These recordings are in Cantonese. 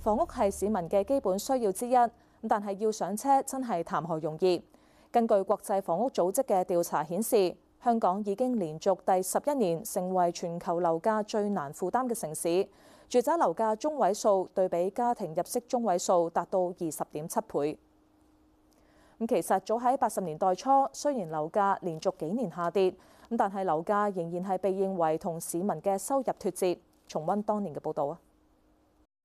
房屋係市民嘅基本需要之一，但係要上車真係談何容易。根據國際房屋組織嘅調查顯示，香港已經連續第十一年成為全球樓價最難負擔嘅城市，住宅樓價中位數對比家庭入息中位數達到二十點七倍。咁其實早喺八十年代初，雖然樓價連續幾年下跌，咁但係樓價仍然係被認為同市民嘅收入脱節。重温當年嘅報導啊！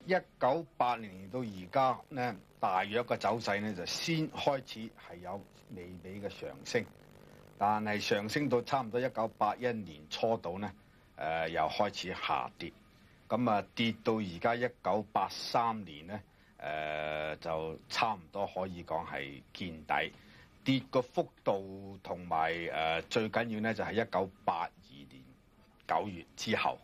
一九八零年到而家咧，大約嘅走勢咧就先開始係有微微嘅上升，但係上升到差唔多一九八一年初度咧，誒、呃、又開始下跌，咁啊跌到而家一九八三年咧，誒、呃、就差唔多可以講係見底，跌個幅度同埋誒最緊要咧就係一九八二年九月之後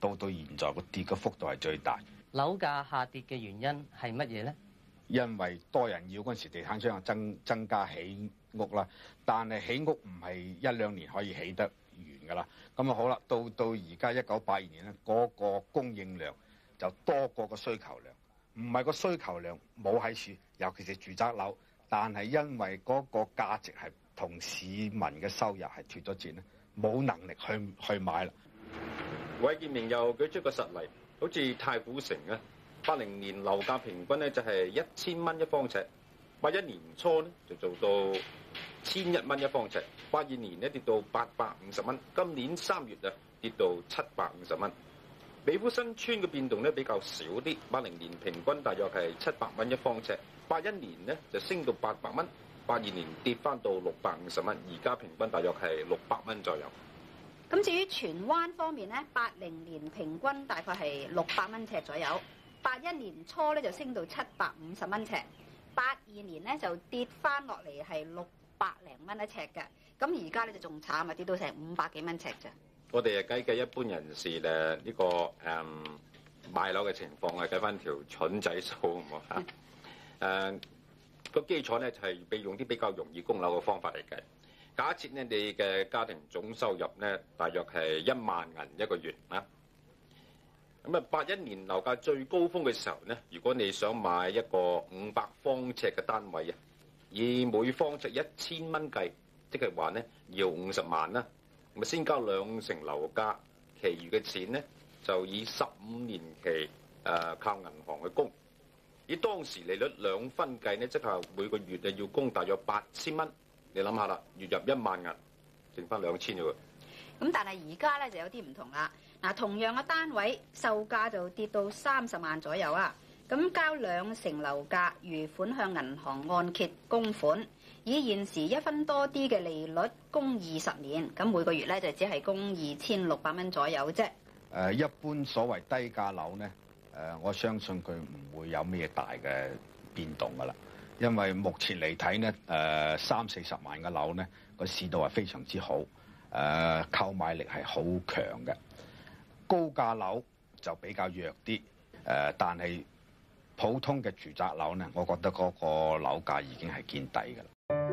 到到現在個跌嘅幅度係最大。樓價下跌嘅原因係乜嘢咧？因為多人要嗰陣時，地產商又增增加起屋啦。但係起屋唔係一兩年可以起得完㗎啦。咁啊好啦，到到而家一九八二年咧，嗰個供應量就多過個需求量，唔係個需求量冇喺處，尤其是住宅樓。但係因為嗰個價值係同市民嘅收入係脫咗節咧，冇能力去去買啦。韋建明又舉出個實例。好似太古城咧，八零年樓價平均咧就係一千蚊一方尺，八一年初咧就做到千一蚊一方尺，八二年咧跌到八百五十蚊，今年三月啊跌到七百五十蚊。美孚新村嘅變動咧比較少啲，八零年平均大約係七百蚊一方尺，八一年咧就升到八百蚊，八二年跌返到六百五十蚊，而家平均大約係六百蚊左右。咁至於荃灣方面咧，八零年平均大概係六百蚊尺左右，八一年初咧就升到七百五十蚊尺，八二年咧就跌翻落嚟係六百零蚊一尺嘅，咁而家咧就仲慘啊，跌到成五百幾蚊尺咋。我哋啊計計一般人士嘅呢、呢個誒買、嗯、樓嘅情況啊，計翻條蠢仔數咁、嗯、啊，誒，個基礎咧就係、是、利用啲比較容易供樓嘅方法嚟計。假設呢，你嘅家庭總收入呢，大約係一萬銀一個月啊。咁啊，八一年樓價最高峰嘅時候呢，如果你想買一個五百方尺嘅單位啊，以每方尺一千蚊計，即係話呢要五十萬啦。咁啊，先交兩成樓價，其餘嘅錢呢就以十五年期誒靠銀行去供，以當時利率兩分計呢，即係每個月啊要供大約八千蚊。你諗下啦，月入一萬銀，剩翻兩千啫喎。咁但係而家咧就有啲唔同啦。嗱，同樣嘅單位，售價就跌到三十萬左右啊。咁交兩成樓價，餘款向銀行按揭供款，以現時一分多啲嘅利率供二十年，咁每個月咧就只係供二千六百蚊左右啫。誒，一般所謂低價樓咧，誒，我相信佢唔會有咩大嘅變動噶啦。因為目前嚟睇咧，誒三四十萬嘅樓咧，個市道係非常之好，誒、呃、購買力係好強嘅，高價樓就比較弱啲，誒、呃、但係普通嘅住宅樓咧，我覺得嗰個樓價已經係見底㗎喇。